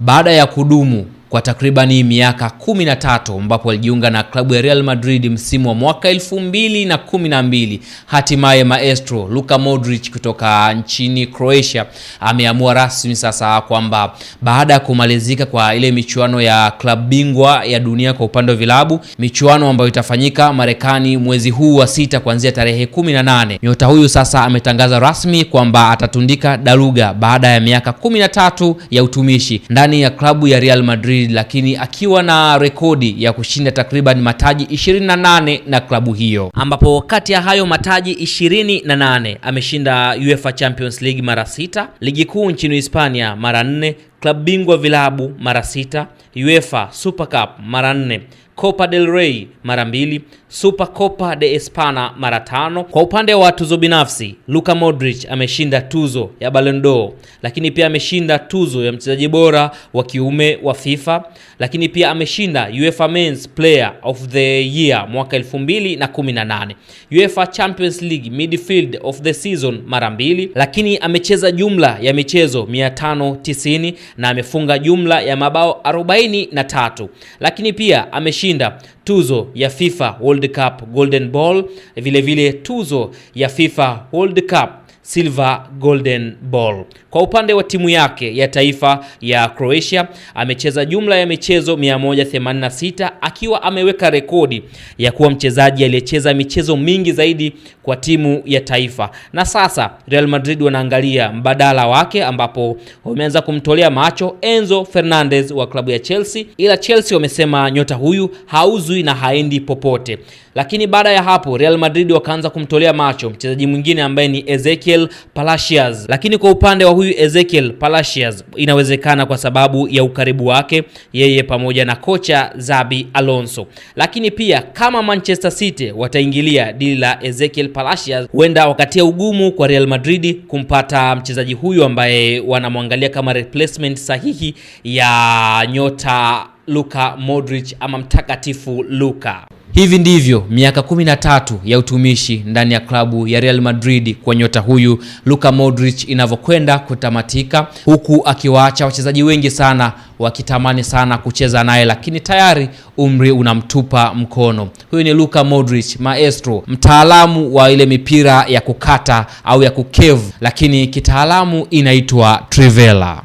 baada ya kudumu kwa takribani miaka 13 ambapo alijiunga na klabu ya Real Madrid msimu wa mwaka 2012. Hatimaye maestro Luka Modric kutoka nchini Croatia ameamua rasmi sasa kwamba baada ya kumalizika kwa ile michuano ya klabu bingwa ya dunia kwa upande wa vilabu, michuano ambayo itafanyika Marekani mwezi huu wa sita kuanzia tarehe 18, nyota huyu sasa ametangaza rasmi kwamba atatundika daruga baada ya miaka 13 ya utumishi ndani ya klabu ya Real Madrid Madrid, lakini akiwa na rekodi ya kushinda takriban mataji 28 na klabu hiyo, ambapo kati ya hayo mataji 28 ameshinda UEFA Champions League mara sita, ligi kuu nchini Hispania mara nne, klabu bingwa vilabu mara sita, UEFA Super Cup mara nne Copa del Rey mara mbili, Super Copa de Espana mara tano. Kwa upande wa tuzo binafsi, Luka Modric ameshinda tuzo ya Ballon d'Or, lakini pia ameshinda tuzo ya mchezaji bora wa kiume wa FIFA, lakini pia ameshinda UEFA Men's Player of the Year mwaka 2018, UEFA Champions League Midfield of the Season mara mbili, lakini amecheza jumla ya michezo 590 na amefunga jumla ya mabao 43, lakini pia ameshinda kushinda tuzo ya FIFA World Cup Golden Ball, vile vile tuzo ya FIFA World Cup Silver Golden Ball. Kwa upande wa timu yake ya taifa ya Croatia, amecheza jumla ya michezo 186 akiwa ameweka rekodi ya kuwa mchezaji aliyecheza michezo mingi zaidi kwa timu ya taifa. Na sasa Real Madrid wanaangalia mbadala wake ambapo wameanza kumtolea macho Enzo Fernandez wa klabu ya Chelsea, ila Chelsea wamesema nyota huyu hauzui na haendi popote. Lakini baada ya hapo Real Madrid wakaanza kumtolea macho mchezaji mwingine ambaye ni Ezekiel Palacios. Lakini kwa upande wa huyu Ezekiel Palacios inawezekana kwa sababu ya ukaribu wake yeye pamoja na kocha Zabi Alonso. Lakini pia kama Manchester City wataingilia dili la Ezekiel Palacios, huenda wakatia ugumu kwa Real Madrid kumpata mchezaji huyu ambaye wanamwangalia kama replacement sahihi ya nyota Luka Modric ama mtakatifu Luka. Hivi ndivyo miaka kumi na tatu ya utumishi ndani ya klabu ya Real Madrid kwa nyota huyu Luka Modric inavyokwenda kutamatika, huku akiwaacha wachezaji wengi sana wakitamani sana kucheza naye, lakini tayari umri unamtupa mkono. Huyu ni Luka Modric, maestro, mtaalamu wa ile mipira ya kukata au ya kukevu, lakini kitaalamu inaitwa trivela.